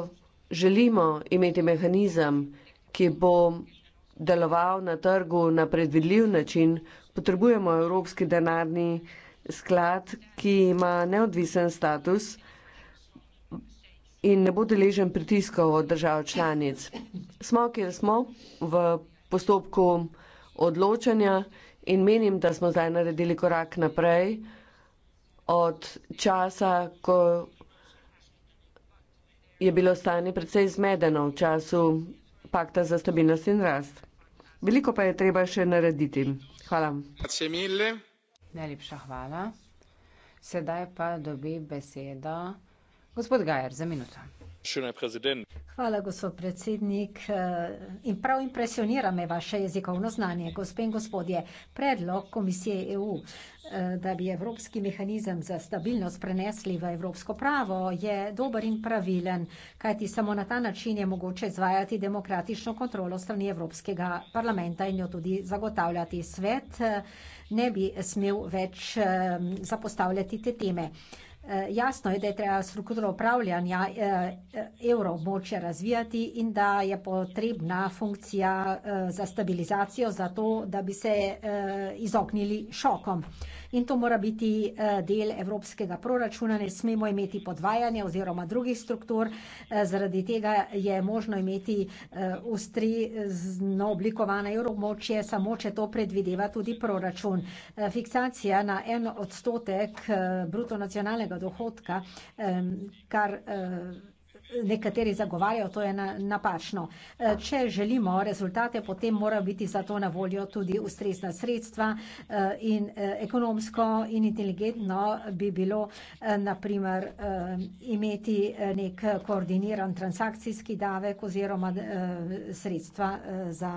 želimo imeti mehanizem, ki bo deloval na trgu na predvidljiv način, potrebujemo evropski denarni sklad, ki ima neodvisen status in ne bo deležen pritiskov od držav članic. Smo, kjer smo, v postopku odločanja in menim, da smo zdaj naredili korak naprej od časa, ko je bilo stanje precej zmedeno v času pakta za stabilnost in rast. Veliko pa je treba še narediti. Hvala. Hvala. Najlepša hvala. Sedaj pa dobi besedo Gospod Gajer, za minuto. Hvala, gospod predsednik. Eh, in prav impresionira me vaše jezikovno znanje. Gospe in gospodje, predlog komisije EU, eh, da bi evropski mehanizem za stabilnost prenesli v evropsko pravo, je dober in pravilen, kajti samo na ta način je mogoče izvajati demokratično kontrolo strani Evropskega parlamenta in jo tudi zagotavljati. Svet eh, ne bi smel več zapostavljati te teme. Eh, jasno je, da je treba strukturo upravljanja eh, evroobmočja razvijati in da je potrebna funkcija eh, za stabilizacijo, zato da bi se izognili šokom in to mora biti eh, del evropskega proračuna, ne smemo imeti podvajanja oziroma drugih struktur, eh, zaradi tega je možno imeti eh, ustrezno oblikovane evromočje, samo če to predvideva tudi proračun. Fiksacija na en odstotek bruto nacionalnega dohodka, kar nekateri zagovarjajo, to je na, napačno. E, če želimo rezultate, potem morajo biti za to na voljo tudi ustrezna sredstva e, in e, ekonomsko in inteligentno bi bilo, naprimer, imeti nek koordiniran transakcijski davek oziroma sredstva za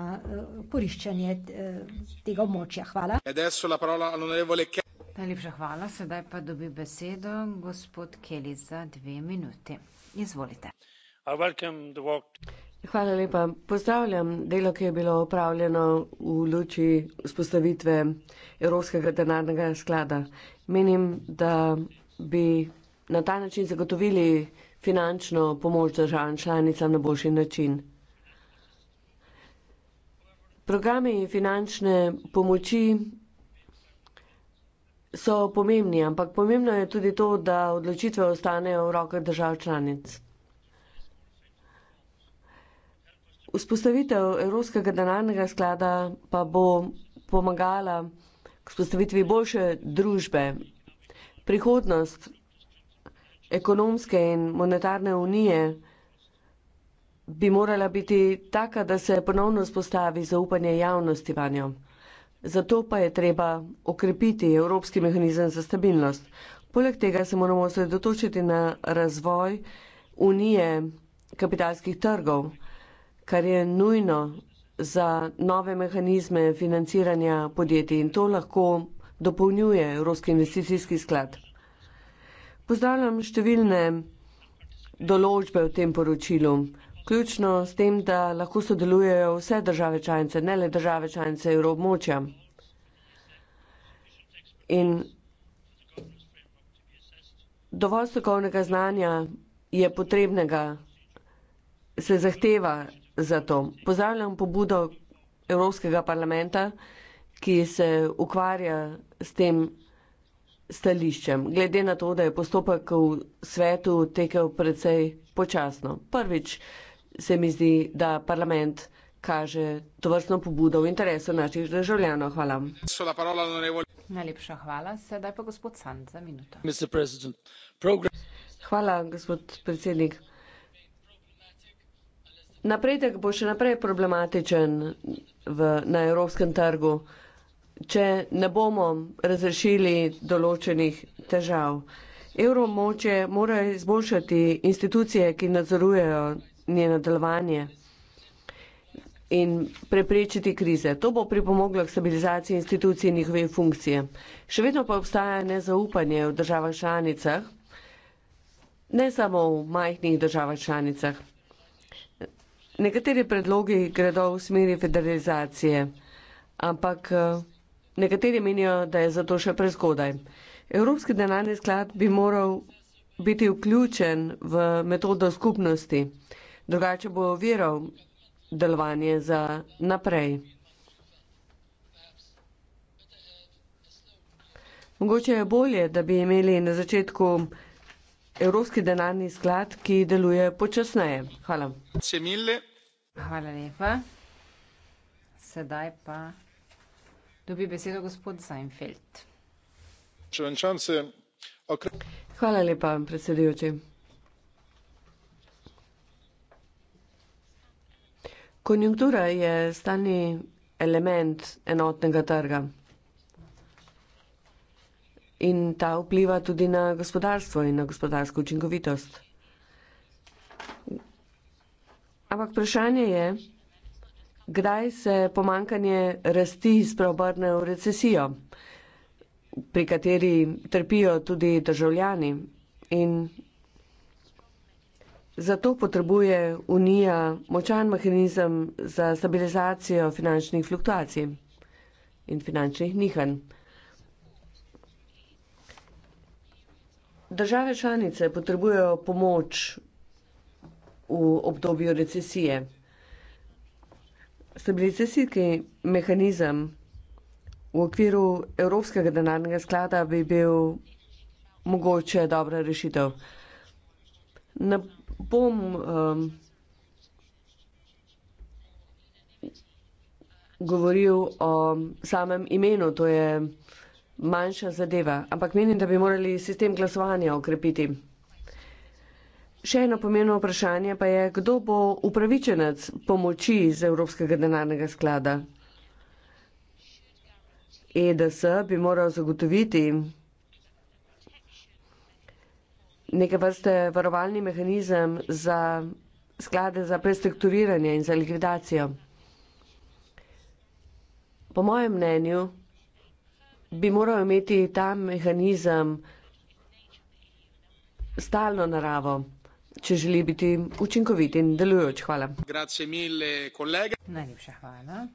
koriščenje tega območja. Hvala. Najlepša hvala. Sedaj pa dobi besedo gospod Keli za dve minuti. Izvolite. Hvala lepa. Pozdravljam delo, ki je bilo opravljeno v luči vzpostavitve Evropskega denarnega sklada. Menim, da bi na ta način zagotovili finančno pomoč državam članicam na boljši način. Programi finančne pomoči so pomembni, ampak pomembno je tudi to, da odločitve ostanejo v rokah držav članic. Vzpostavitev Evropskega denarnega sklada pa bo pomagala k vzpostavitvi boljše družbe. Prihodnost ekonomske in monetarne unije bi morala biti taka, da se ponovno vzpostavi zaupanje javnosti vanjo. Zato pa je treba okrepiti Evropski mehanizem za stabilnost. Poleg tega se moramo osredotočiti na razvoj unije kapitalskih trgov, kar je nujno za nove mehanizme financiranja podjetij in to lahko dopolnjuje Evropski investicijski sklad. Pozdravljam številne določbe v tem poročilu vključno s tem, da lahko sodelujejo vse države članice, ne le države članice evroobmočja. In dovolj strokovnega znanja je potrebnega, se zahteva za to. Pozdravljam pobudo Evropskega parlamenta, ki se ukvarja s tem stališčem. Glede na to, da je postopek v svetu tekel precej počasno. Prvič, se mi zdi, da parlament kaže tovrstno pobudo v interesu naših državljanov. Hvala. Najlepša hvala. Sedaj pa gospod Sand za minuto. Hvala, gospod predsednik. Napredek bo še naprej problematičen v, na evropskem trgu, če ne bomo razrešili določenih težav. Evromoče mora izboljšati institucije, ki nadzorujejo njeno delovanje in preprečiti krize. To bo pripomoglo k stabilizaciji institucij in njihove funkcije. Še vedno pa obstaja nezaupanje v državah članicah, ne samo v majhnih državah članicah. Nekateri predlogi gredo v smeri federalizacije, ampak nekateri menijo, da je zato še prezgodaj. Evropski denarni sklad bi moral biti vključen v metodo skupnosti drugače bo oviral delovanje za naprej. Mogoče je bolje, da bi imeli na začetku Evropski denarni sklad, ki deluje počasneje. Hvala. Hvala lepa. Sedaj pa dobi besedo gospod Seinfeld. Hvala lepa, predsedujoči. Konjunktura je stani element enotnega trga. In ta vpliva tudi na gospodarstvo in na gospodarsko učinkovitost. Ampak vprašanje je, kdaj se pomankanje rasti spreobrne v recesijo, pri kateri trpijo tudi državljani in Zato potrebuje Unija močan mehanizem za stabilizacijo finančnih fluktuacij in finančnih nihanj. Države članice potrebujejo pomoč v obdobju recesije. Stabilizacijski mehanizem v okviru Evropskega denarnega sklada bi bil mogoče dobra rešitev. Na bom um, govoril o samem imenu, to je manjša zadeva, ampak menim, da bi morali sistem glasovanja okrepiti. Še eno pomeno vprašanje pa je, kdo bo upravičenec pomoči iz Evropskega denarnega sklada. EDS bi moral zagotoviti neke vrste varovalni mehanizem za sklade za prestrukturiranje in za likvidacijo. Po mojem mnenju bi moral imeti ta mehanizem stalno naravo, če želi biti učinkovit in delujoč. Hvala. Najlepša hvala.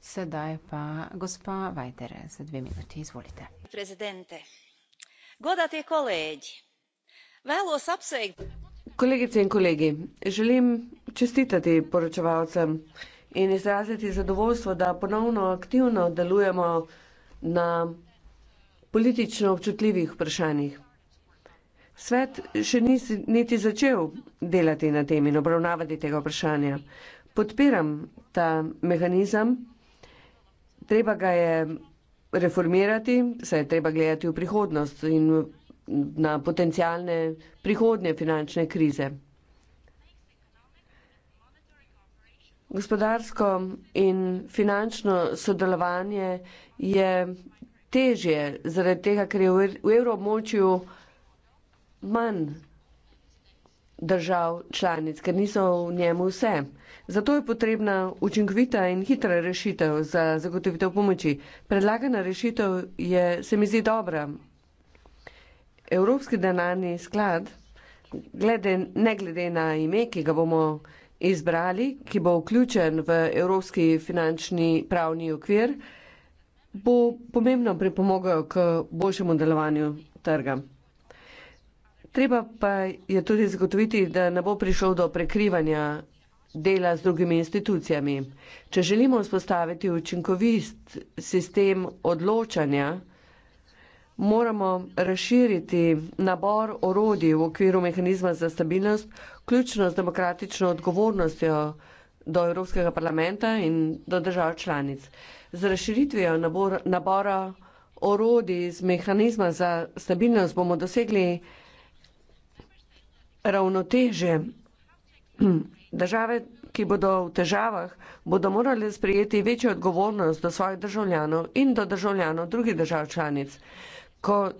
Sedaj pa gospa Vajtere za dve minuti. Izvolite. Prezidente kolegice in kolegi želim čestitati poročevalcem in izraziti zadovoljstvo da ponovno aktivno delujemo na politično občutljivih vprašanjih. Svet še ni niti začel delati na tem in obravnavati tega vprašanja. Podpiram ta mehanizem, treba ga je reformirati, saj je treba gledati v prihodnost in na potencijalne prihodnje finančne krize. Gospodarsko in finančno sodelovanje je težje, zaradi tega, ker je v evroobmočju manj držav članic, ker niso v njemu vse. Zato je potrebna učinkovita in hitra rešitev za zagotovitev pomoči. Predlagana rešitev je, se mi zdi dobra. Evropski denarni sklad, glede, ne glede na ime, ki ga bomo izbrali, ki bo vključen v Evropski finančni pravni okvir, bo pomembno pripomogel k boljšemu delovanju trga. Treba pa je tudi zagotoviti, da ne bo prišlo do prekrivanja dela z drugimi institucijami. Če želimo vzpostaviti učinkovist sistem odločanja, moramo razširiti nabor orodij v okviru mehanizma za stabilnost, ključno z demokratično odgovornostjo do Evropskega parlamenta in do držav članic. Z razširitvijo nabor, nabora orodij iz mehanizma za stabilnost bomo dosegli ravnoteže. Države, ki bodo v težavah, bodo morali sprejeti večjo odgovornost do svojih državljanov in do državljanov drugih držav članic. Ko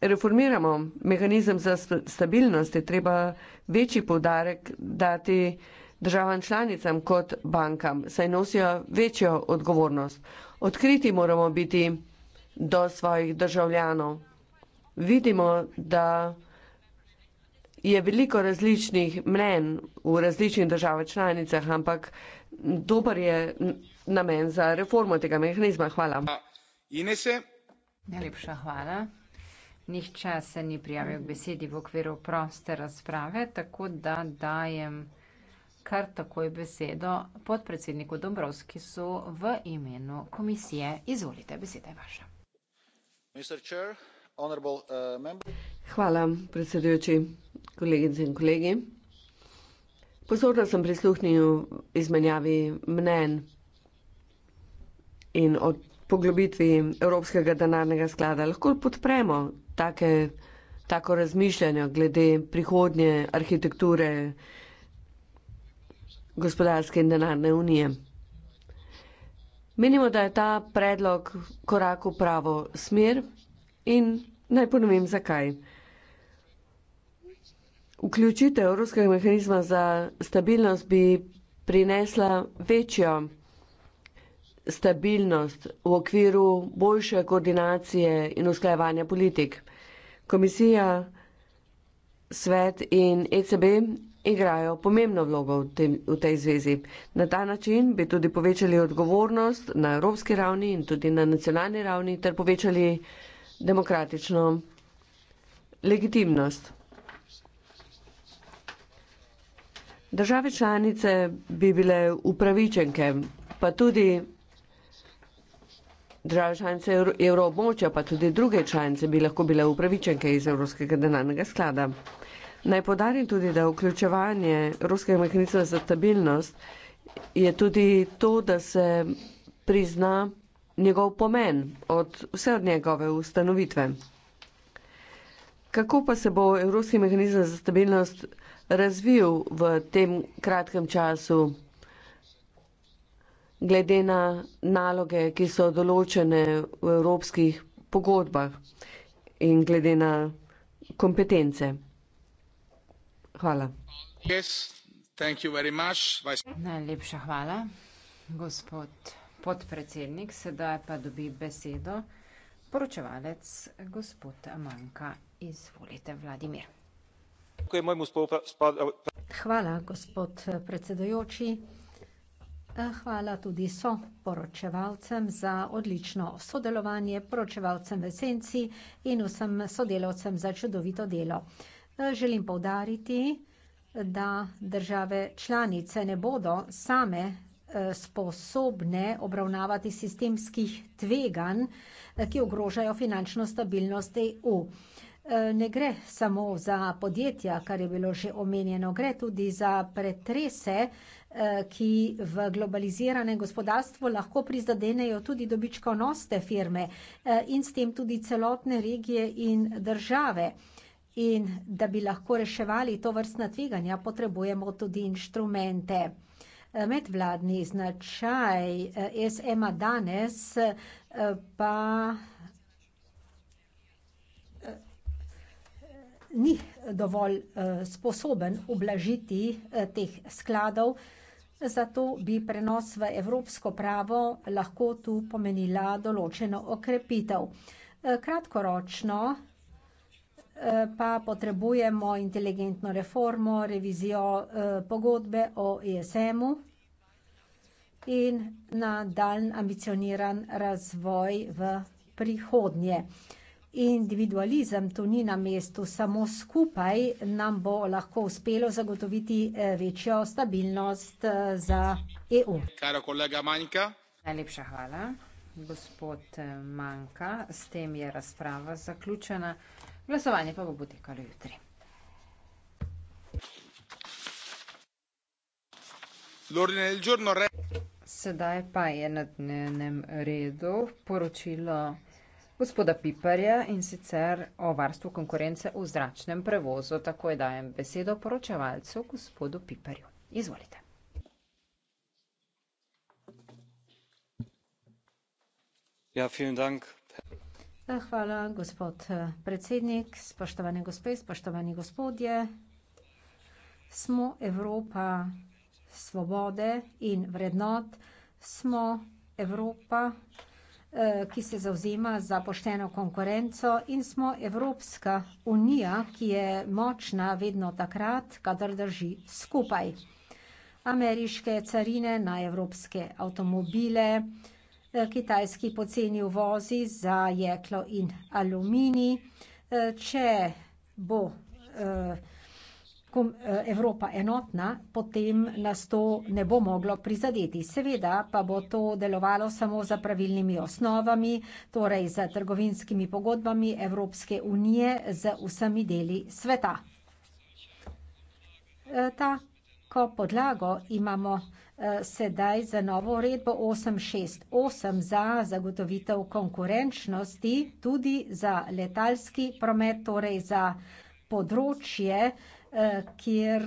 reformiramo mehanizem za stabilnost, je treba večji povdarek dati državam članicam kot bankam, saj nosijo večjo odgovornost. Odkriti moramo biti do svojih državljanov. Vidimo, da je veliko različnih mnen v različnih državah članicah, ampak dober je namen za reformo tega mehanizma. Hvala. Najlepša hvala. Nihče se ni prijavil k besedi v okviru proste razprave, tako da dajem kar takoj besedo podpredsedniku Dombrovski so v imenu komisije. Izvolite, beseda je vaša. Uh, hvala, predsedujoči kolegice in kolegi. Pozorno sem prisluhnil izmenjavi mnen in o poglobitvi Evropskega denarnega sklada. Lahko podpremo take, tako razmišljanje glede prihodnje arhitekture gospodarske in denarne unije. Menimo, da je ta predlog korak v pravo smer in naj ponovim, zakaj. Vključitev ruskega mehanizma za stabilnost bi prinesla večjo stabilnost v okviru boljše koordinacije in usklajevanja politik. Komisija, svet in ECB igrajo pomembno vlogo v, tem, v tej zvezi. Na ta način bi tudi povečali odgovornost na evropski ravni in tudi na nacionalni ravni ter povečali demokratično legitimnost. Države članice bi bile upravičenke, pa tudi države članice evroobmočja, pa tudi druge članice bi lahko bile upravičenke iz Evropskega denarnega sklada. Naj podarim tudi, da vključevanje Evropskega mehanizma za stabilnost je tudi to, da se prizna njegov pomen od vse od njegove ustanovitve. Kako pa se bo Evropski mehanizem za stabilnost razvil v tem kratkem času, glede na naloge, ki so določene v evropskih pogodbah in glede na kompetence. Hvala. Yes, much, Najlepša hvala, gospod podpredsednik. Sedaj pa dobi besedo poročevalec gospod Manka. Izvolite, Vladimir. E, hvala, gospod predsedujoči. E, hvala tudi soporočevalcem za odlično sodelovanje, poročevalcem v senci in vsem sodelavcem za čudovito delo. E, želim poudariti, da države članice ne bodo same, sposobne obravnavati sistemskih tveganj, ki ogrožajo finančno stabilnost EU ne gre samo za podjetja, kar je bilo že omenjeno, gre tudi za pretrese, eh, ki v globaliziranem gospodarstvu lahko prizadenejo tudi dobičkonosne firme eh, in s tem tudi celotne regije in države. In da bi lahko reševali to vrstna tveganja, potrebujemo tudi inštrumente. Eh, medvladni značaj SM-a danes pa ni dovolj eh, sposoben ublažiti eh, teh skladov, zato bi prenos v evropsko pravo lahko tu pomenila določeno okrepitev. Eh, kratkoročno pa potrebujemo inteligentno reformo, revizijo pogodbe o ESM-u in nadaljnji ambicioniran razvoj v prihodnje individualizem tu ni na mestu, samo skupaj nam bo lahko uspelo zagotoviti eh, večjo stabilnost eh, za EU. Kara kolega Manjka. Najlepša hvala, gospod eh, Manjka. S tem je razprava zaključena. Glasovanje pa bo potekalo jutri. Sedaj pa je na dnevnem redu poročilo gospoda Piperja in sicer o varstvu konkurence v zračnem prevozu. Takoj dajem besedo poročevalcu gospodu Piperju. Izvolite. Ja, dank. Eh, hvala, gospod eh, predsednik, spoštovane gospe, spoštovani gospodje. Smo Evropa svobode in vrednot, smo Evropa Eh, ki se zavzema za pošteno konkurenco in smo Evropska unija, ki je močna vedno takrat, kadar drži skupaj. Ameriške carine na evropske avtomobile, eh, kitajski poceni uvozi za jeklo in aluminij. Eh, če bo eh, ko eh, Evropa enotna, potem nas to ne bo moglo prizadeti. Seveda pa bo to delovalo samo za pravilnimi osnovami, torej za trgovinskimi pogodbami Evropske unije z vsemi deli sveta. Eh, tako podlago imamo eh, sedaj za novo uredbo 868 za zagotovitev konkurenčnosti tudi za letalski promet, torej za področje, Eh, kjer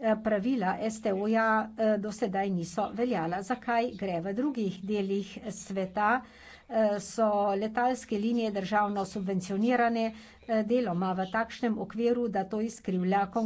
eh, pravila STO-ja eh, do sedaj niso veljala. Zakaj gre? V drugih delih sveta so letalske linije državno subvencionirane deloma v takšnem okviru, da to izkrivlja konkurenco.